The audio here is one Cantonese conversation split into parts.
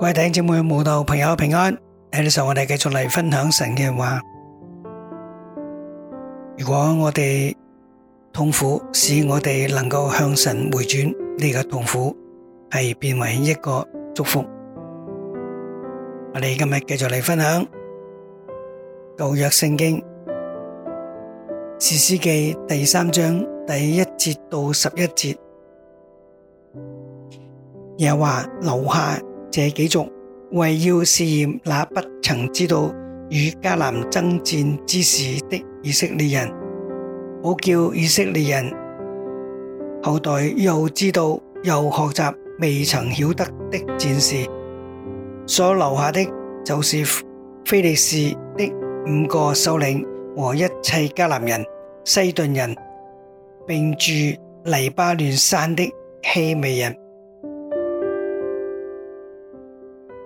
各位弟兄姊妹、慕道朋友平安，喺呢度我哋繼續嚟分享神嘅話。如果我哋痛苦使我哋能夠向神回轉，呢個痛苦係變為一個祝福。我哋今日繼續嚟分享舊約聖經士師記第三章第一節到十一節，也話留下。這幾族為要試驗那不曾知道與迦南爭戰之事的以色列人，好叫以色列人後代又知道又學習未曾曉得的戰事。所留下的就是非利士的五個首領和一切迦南人、西頓人，並住黎巴嫩山的希未人。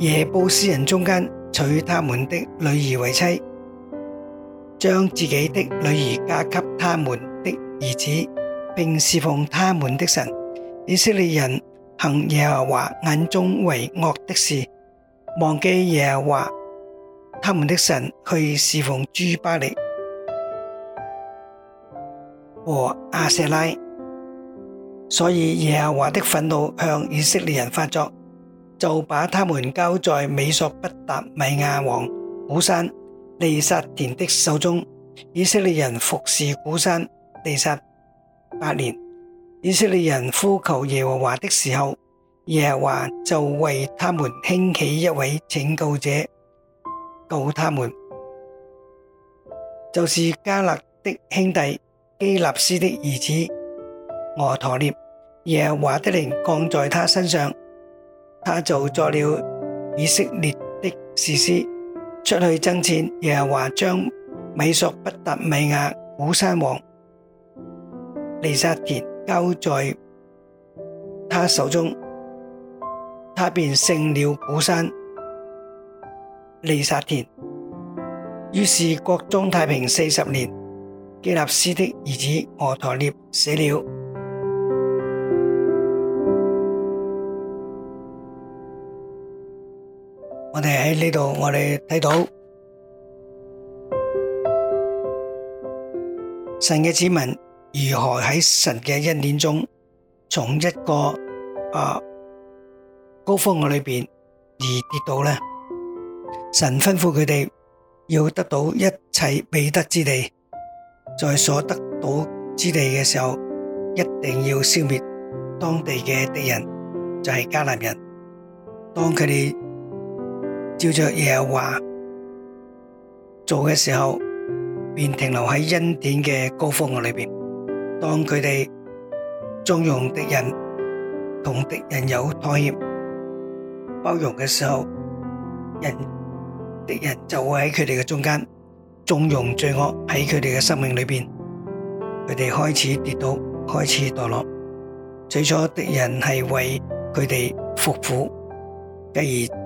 耶布斯人中間娶他們的女兒為妻，將自己的女兒嫁給他們的兒子，並侍奉他們的神。以色列人行耶和華眼中為惡的事，忘記耶和華他們的神，去侍奉諸巴力和亞舍拉，所以耶和華的憤怒向以色列人發作。就把他們交在美索不達米亞王古山利薩田的手中。以色列人服侍古山利薩八年。以色列人呼求耶和華的時候，耶和華就為他們興起一位拯救者救他們，就是迦勒的兄弟基納斯的兒子俄陀聶，耶和華的靈降在他身上。他就作了以色列的士師，出去征戰，也還將美索不達米亞古山王利薩田交在他手中，他便勝了古山利薩田。於是國中太平四十年。基納斯的兒子俄陀聶死了。我哋喺呢度，我哋睇到神嘅子民如何喺神嘅恩典中，從一個啊高峰嘅裏邊而跌倒咧。神吩咐佢哋要得到一切未得之地，在所得到之地嘅時候，一定要消滅當地嘅敵人，就係迦南人。當佢哋照著耶穌話做嘅時候，便停留喺恩典嘅高峰嘅裏邊。當佢哋縱容敵人，同敵人有妥協、包容嘅時候，人敵人就會喺佢哋嘅中間縱容罪惡喺佢哋嘅生命裏邊。佢哋開始跌倒，開始墮落。最初敵人係為佢哋服務，繼而。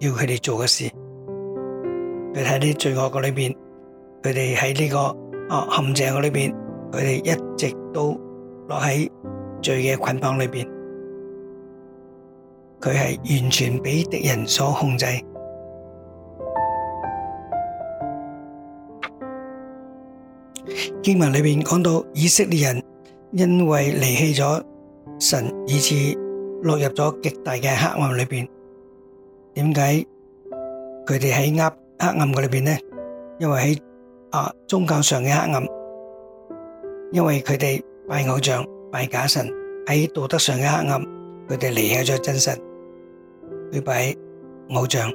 要佢哋做嘅事，你睇啲罪惡嘅裏邊，佢哋喺呢個啊陷阱嘅裏邊，佢哋一直都落喺罪嘅捆綁裏邊，佢係完全俾敵人所控制。經文裏邊講到以色列人因為離棄咗神，以致落入咗極大嘅黑暗裏邊。點解佢哋喺黑暗嘅裏邊呢？因為喺啊宗教上嘅黑暗，因為佢哋拜偶像，拜假神喺道德上嘅黑暗，佢哋離開咗真神，去拜偶像，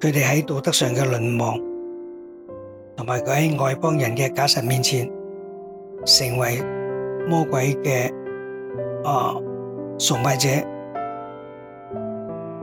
佢哋喺道德上嘅淪亡，同埋佢喺外邦人嘅假神面前，成為魔鬼嘅啊崇拜者。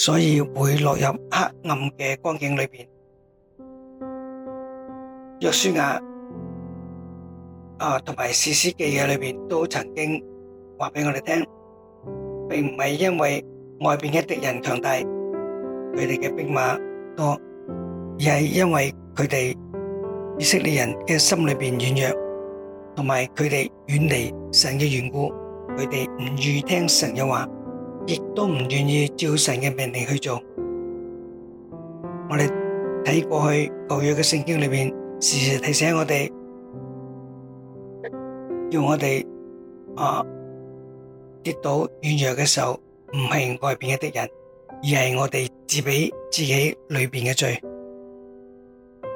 所以會落入黑暗嘅光景裏邊。約書亞啊，同埋士師記嘅裏邊都曾經話俾我哋聽，並唔係因為外邊嘅敵人強大，佢哋嘅兵馬多，而係因為佢哋以色列人嘅心裏邊軟弱，同埋佢哋遠離神嘅緣故，佢哋唔願聽神嘅話。亦都唔願意照神嘅命令去做。我哋睇過去舊約嘅聖經裏邊，時時提醒我哋，叫我哋啊跌倒軟弱嘅時候，唔係外邊嘅敵人，而係我哋自俾自己裏邊嘅罪。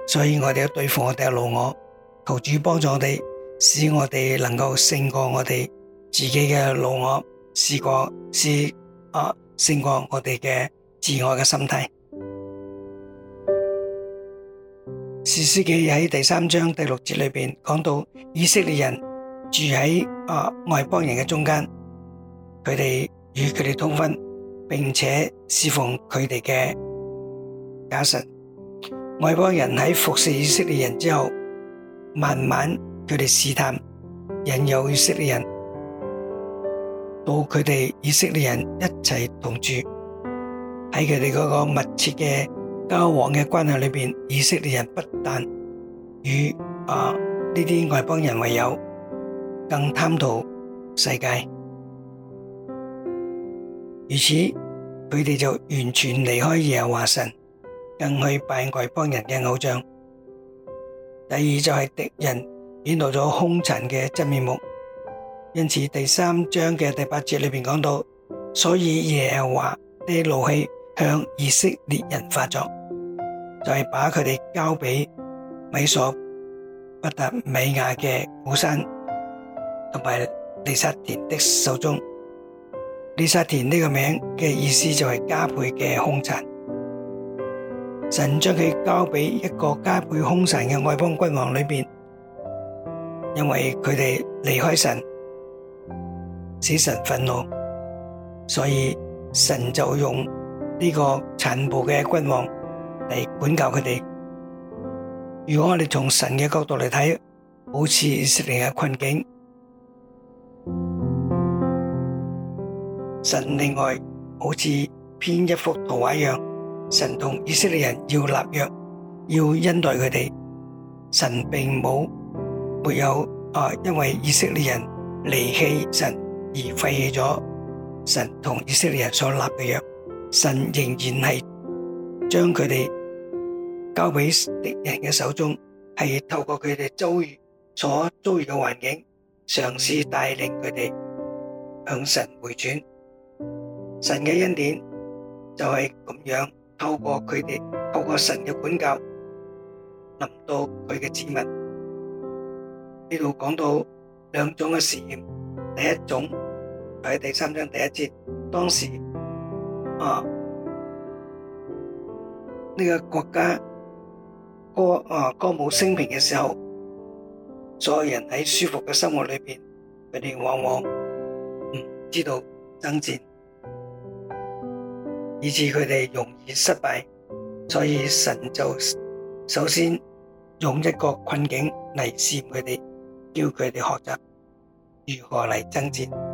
所以我哋要對付我哋嘅老我，求主幫助我哋，使我哋能夠勝過我哋自己嘅老我，試過試。啊，勝過我哋嘅自我嘅心態。士師記喺第三章第六節裏邊講到，以色列人住喺啊外邦人嘅中間，佢哋與佢哋通婚，並且侍奉佢哋嘅假神。外邦人喺服侍以色列人之後，慢慢佢哋試探引誘以色列人。到佢哋以色列人一齊同住喺佢哋嗰個密切嘅交往嘅關係裏邊，以色列人不但與啊呢啲外邦人為友，更貪圖世界。如此，佢哋就完全離開耶和華神，更去拜外邦人嘅偶像。第二就係敵人顯露咗兇殘嘅真面目。因此，第三章嘅第八節裏面講到，所以耶和華的怒氣向以色列人發作，就係把佢哋交畀美索不達米亞嘅古山同埋利薩田的手中。利薩田呢個名嘅意思就係加倍嘅凶殘。神將佢交畀一個加倍凶殘嘅外邦君王裏面，因為佢哋離開神。使神憤怒，所以神就用呢個殘暴嘅君王嚟管教佢哋。如果我哋從神嘅角度嚟睇，好似以色列嘅困境，神另外好似編一幅圖畫一樣，神同以色列人要立約，要恩待佢哋。神並冇沒有啊，因為以色列人離棄神。而廢棄咗神同以色列人所立嘅約，神仍然係將佢哋交俾敵人嘅手中，係透過佢哋遭遇所遭遇嘅環境，嘗試帶領佢哋向神回轉。神嘅恩典就係咁樣，透過佢哋，透過神嘅管教，臨到佢嘅子民。呢度講到兩種嘅試驗，第一種。喺第三章第一節，當時啊呢、這個國家歌啊歌舞升平嘅時候，所有人喺舒服嘅生活裏邊，佢哋往往唔知道爭戰，以至佢哋容易失敗。所以神就首先用一個困境嚟試佢哋，叫佢哋學習如何嚟爭戰。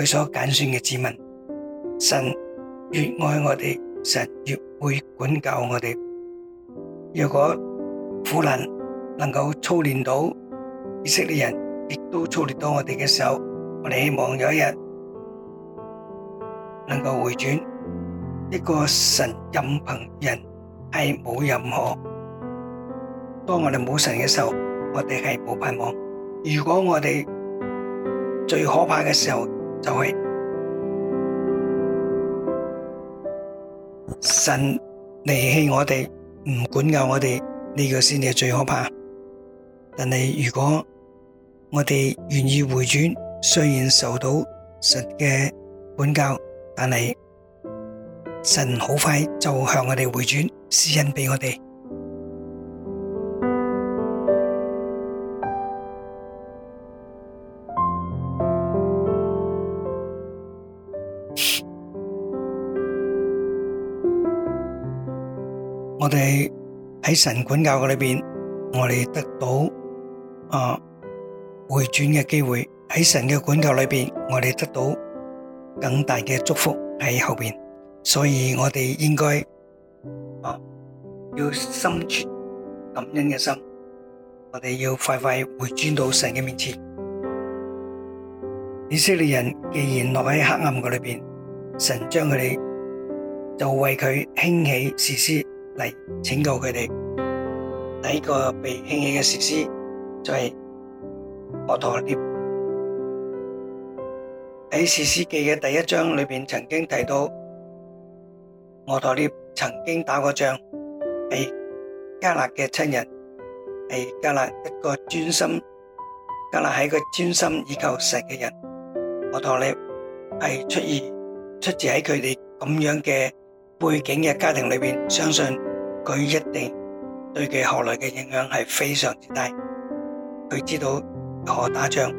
佢所揀選嘅子民，神越愛我哋，神越會管教我哋。如果苦難能夠操練到以色列人，亦都操練到我哋嘅時候，我哋希望有一日能夠回轉。呢個神任憑人係冇任何。當我哋冇神嘅時候，我哋係冇盼望。如果我哋最可怕嘅時候，就係神離棄我哋，唔管教我哋呢、這個先至最可怕。但係如果我哋願意回轉，雖然受到神嘅管教，但係神好快就會向我哋回轉，施恩畀我哋。我哋喺神管教裏邊，我哋得到啊回轉嘅機會；喺神嘅管教裏邊，我哋得到更大嘅祝福喺後邊。所以我哋應該啊要心存感恩嘅心，我哋要快快回轉到神嘅面前。以色列人既然落喺黑暗嘅裏邊，神將佢哋就為佢興起士師嚟拯救佢哋。第一個被興起嘅士師就係俄陀聶。喺士師記嘅第一章裏邊曾經提到，俄陀聶曾經打過仗，係迦拿嘅親人，係迦拿一個專心，迦拿係一個專心倚靠神嘅人。我同你係出現，出自喺佢哋咁樣嘅背景嘅家庭裏邊，相信佢一定對佢學來嘅影響係非常之大。佢知道如何打仗，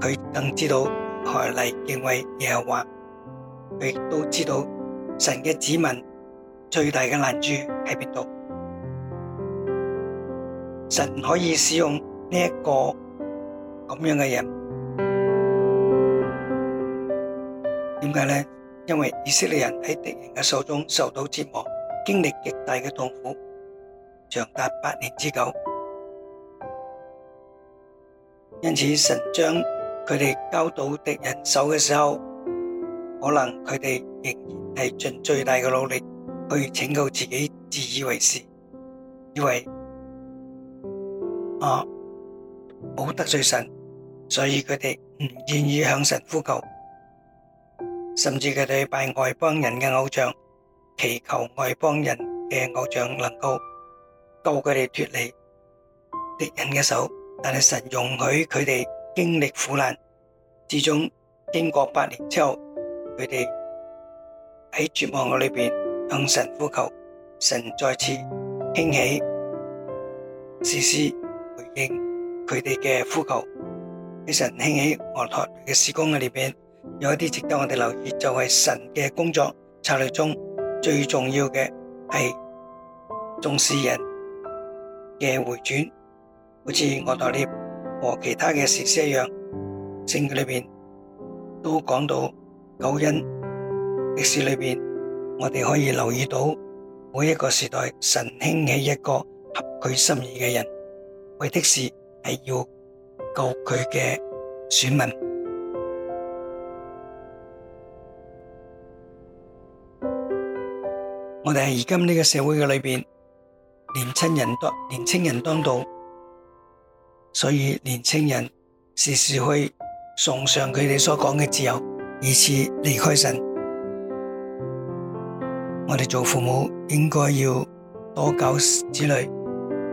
佢更知道何嚟敬畏耶和華，佢亦都知道神嘅子民最大嘅難處喺邊度。神可以使用呢一個咁樣嘅人。點解咧？因為以色列人喺敵人嘅手中受到折磨，經歷極大嘅痛苦，長達八年之久。因此，神將佢哋交到敵人手嘅時候，可能佢哋仍然係盡最大嘅努力去拯救自己，自以為是，以為啊冇得罪神，所以佢哋唔願意向神呼救。甚至佢哋拜外邦人嘅偶像，祈求外邦人嘅偶像能夠救佢哋脱離敵人嘅手，但係神容許佢哋經歷苦難。最終經過八年之後，佢哋喺絕望嘅裏邊向神呼求，神再次興起士師回應佢哋嘅呼求，喺神興起俄陀嘅事工嘅裏邊。有一啲值得我哋留意，就係、是、神嘅工作策略中最重要嘅係重視人嘅回轉，好似我哋和其他嘅史詩一樣，聖經裏邊都講到，救恩歷史裏邊，我哋可以留意到每一個時代神興起一個合佢心意嘅人，為的事是係要救佢嘅選民。我哋喺而今呢個社會嘅裏面，年輕人多，年輕人當道，所以年輕人時時去崇尚佢哋所講嘅自由，以此離開神。我哋做父母應該要多教子女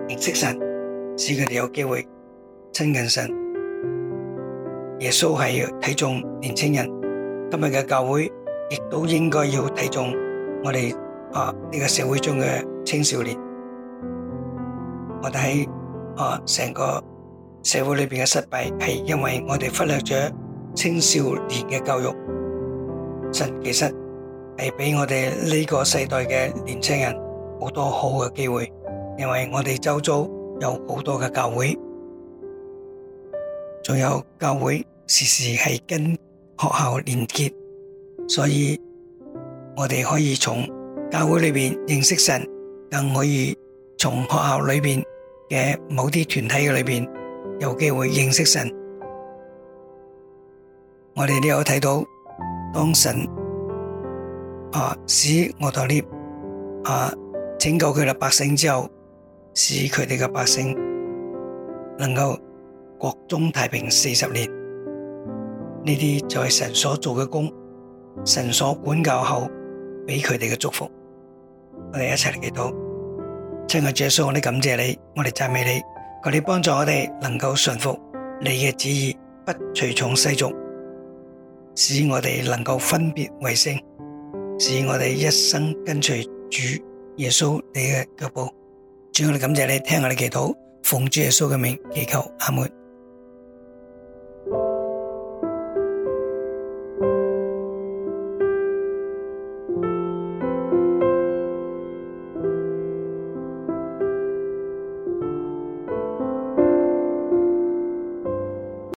認識神，使佢哋有機會親近神。耶穌係要睇重年輕人，今日嘅教會亦都應該要睇重我哋。啊！呢個社會中嘅青少年，我哋喺啊成個社會裏邊嘅失敗，係因為我哋忽略咗青少年嘅教育。實其實係俾我哋呢個世代嘅年青人好多好嘅機會，因為我哋周遭有好多嘅教會，仲有教會時時係跟學校連結，所以我哋可以從教會裏面認識神，更可以從學校裏面嘅某啲團體裏面有機會認識神。我哋都有睇到，當神啊使俄陀聶拯救佢哋百姓之後，使佢哋嘅百姓能夠國中太平四十年，呢啲就係神所做嘅功，神所管教後畀佢哋嘅祝福。我哋一齊嚟祈禱，親愛主耶穌，我哋感謝你，我哋讚美你，求你幫助我哋能夠順服你嘅旨意，不隨從世俗，使我哋能夠分別為聖，使我哋一生跟隨主耶穌你嘅腳步。主，我哋感謝你，聽我哋祈禱，奉主耶穌嘅名祈求，阿門。